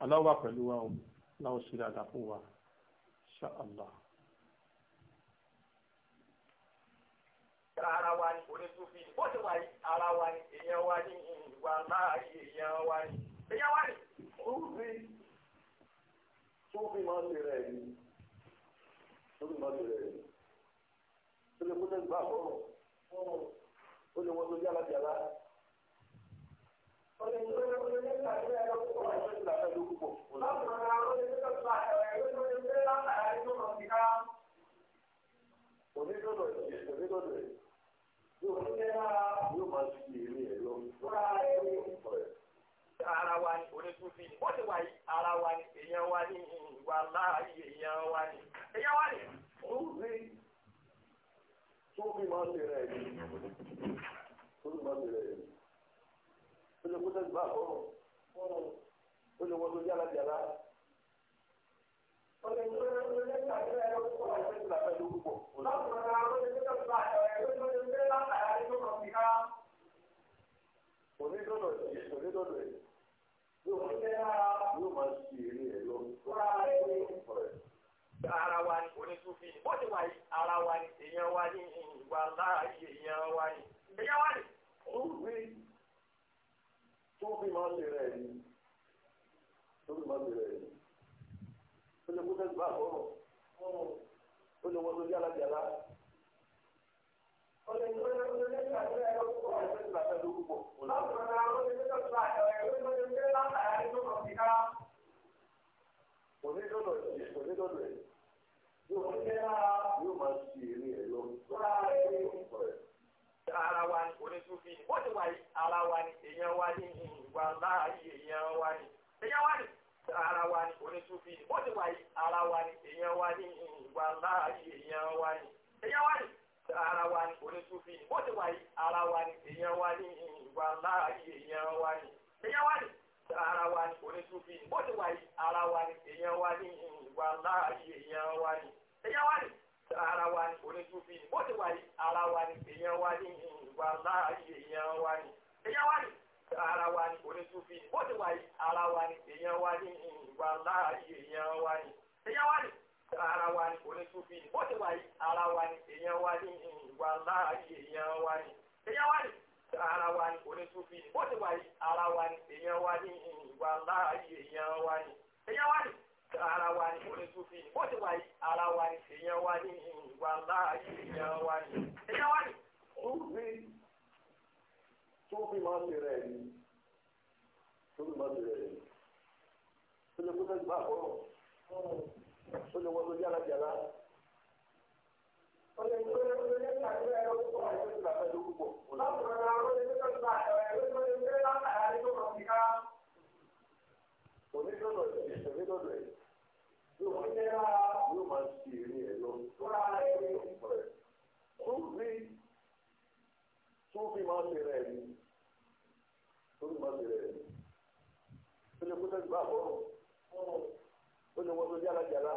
Allah wà pẹ̀lú wa o láwọn dáadáa fún wa ṣá Allah. ara wa ni onítúfi ó ti wà ara wa ni èèyàn wa ni ìwà máa yí èèyàn wa ni èèyàn wa ni. túbí túbí máa ń lè rẹ̀ ni túbí máa ń lè rẹ̀ ni ó lè kó lè gbà fọ́ọ̀rọ̀ ó lè wọ́n tó yára yàrá. ó lè tó lè ká sí ẹ̀rọ gbà pẹ̀lú púpọ̀. onídọ̀dọ̀ yìí onídọ̀dọ̀ yìí wọ́n ti wà yí ara wa ni èèyàn wa ni ìwà láàyè èèyàn wa ni èèyàn wa ni. ó rí tó fi máa ń tẹ̀lé ẹ̀ yìí tó fi máa ń tẹ̀lé ẹ̀ yìí. ó lè kó tẹ̀síwá àkọ́rọ̀ ó lè wọ́n tó yára jàrá. ọ̀sẹ̀ tó lè lọ sí ẹ̀ka ìlú ẹ̀rọ púpọ̀ àti ẹ̀ka ìlú púpọ̀. lọ́sọ̀rọ̀ náà ló lè tó lọ́sọ̀rọ̀ àti ẹ̀rọ tó lè látàrí àdéjọ́ kan fi ká. onídọ̀dọ̀ yìí onídọ̀dọ̀ yìí yóò máa ṣe eré ẹ̀ lọ. ara wa ni onísùfì ni bọ́ọ̀dì wa yìí ara wa ni èèyàn wa ni ìwà láàyè èèyàn wa ni èèyàn wa ni. ó rí tó fi máa ń lè rẹ̀ yìí tó lè má bèrè rẹ̀ ó lè kó fẹ́ gbà fọ́rọ̀ ó lè wọ́n tó yára jàlá. ara wa ni oníṣúfì ó ti wà ara wa ni èèyàn wa ni ìwà láàyè èèyàn wa ni èèyàn wa ni ara wa ni onítúbí ni bọ́ọ̀dì wa yìí ara wa ni èèyàn wa ni ìwà láàyè èèyàn wa ni èèyàn wa ni ara wa ni onítúbí ni bọ́ọ̀dì wa yìí ara wa ni èèyàn wa ni ìwà láàyè èèyàn wa ni èèyàn wa ni ara wa ni onítúbí ni bọ́ọ̀dì wa yìí ara wa ni èèyàn wa ni ìwà láàyè èèyàn wa ni èèyàn wa ni ara wa ni onítúbí ni bọ́ọ̀dì wa yìí ara wa ni èèyàn wa ni ìwà láàyè èèyàn wa ni èèyàn wa ni ara wa ni onísùfì bó ti wà yìí ara wa ni èèyàn wa ni ìwà láàyè èèyàn wa ni èèyàn wa ni ara wa ni onísùfì bó ti wà yìí ara wa ni èèyàn wa ni ìwà láàyè èèyàn wa ni èèyàn wa ni ara wa ni onísùfì bó ti wà yìí ara wa ni èèyàn wa ni ìwà láàyè èèyàn wa ni èèyàn wa ni ara wa ni onísùfì bó ti wà yìí ara wa ni èèyàn wa ni ìwà láàyè èèyàn wa ni èèyàn wa ni tó fi máa ṣe rẹ̀ ni tó fi máa ṣe rẹ̀ ni tó lè kó fẹ́ gbà bọ́ tó lè wọ́n tó yára jàlá. Ọ̀lẹ́ ìgbẹ́ ẹgbẹ́ ẹgbẹ́ àti ẹ̀rọ púpọ̀ àti ìgbà pẹ̀lú púpọ̀. Láti rẹ̀ náà ló lè gbé pẹ̀lú àṣà ẹ̀rọ tó lè gbé látàrí àdéhùn ọ̀sìn ká. Òní lọ́dọ̀ ẹ̀ ẹ̀mí lọ́dọ̀ ẹ̀. Yóò máa ṣe eré ẹ̀ lọ. Tó fi máa ṣe rẹ̀ ni sì máa bẹ̀rẹ̀ rẹ̀ ó lè kó sẹ́jú bá bọ́ ó lè wọ́n tó yára jàrá.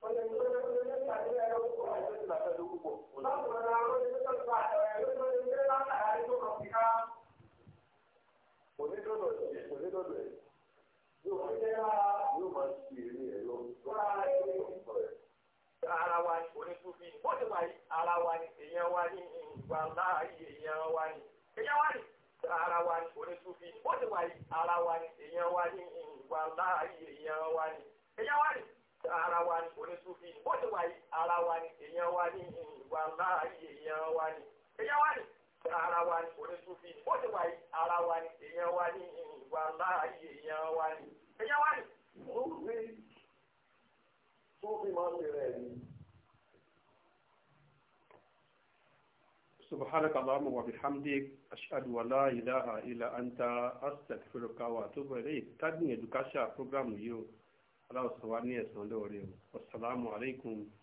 ó lè ní ọjọ́ tó lè ní àti ẹ̀rọ púpọ̀ àti ẹ̀rọ pẹ̀lú púpọ̀. lọ́sùn náà ó lè ní sọ́jú bá ẹ̀rọ tó lè ní látàrí àdúgbò kan fi ká. kò ní dọ́dọ̀ ẹ̀ kò ní dọ́dọ̀ ẹ̀ yóò máa ṣe yóò máa ṣe eré ẹ̀ lọ. ara wa ni onítúfin bó ti wà ara wa ni èèyàn wa ni ìgbà láàyè èèyàn wa ni èèyàn wa ni ara wa ni onísùfì ó ti wà yìí ara wa ni èèyàn wa ni ìwà láàyè èèyàn wa ni èèyàn wa ni ara wa ni onísùfì ó ti wà yìí ara wa ni èèyàn wa ni ìwà láàyè èèyàn wa ni èèyàn wa ni ara wa ni onísùfì ó ti wà yìí ara wa ni èèyàn wa ni ìwà láàyè èèyàn wa ni èèyàn wa ni. ó fi máa ń bẹ̀rẹ̀ ni. سبحانك اللهم وبحمدك أشهد لا إله إلا أنت أستغفرك واتوب إليك تدني دكاشا program يو الله سبحانه وتعالى والسلام عليكم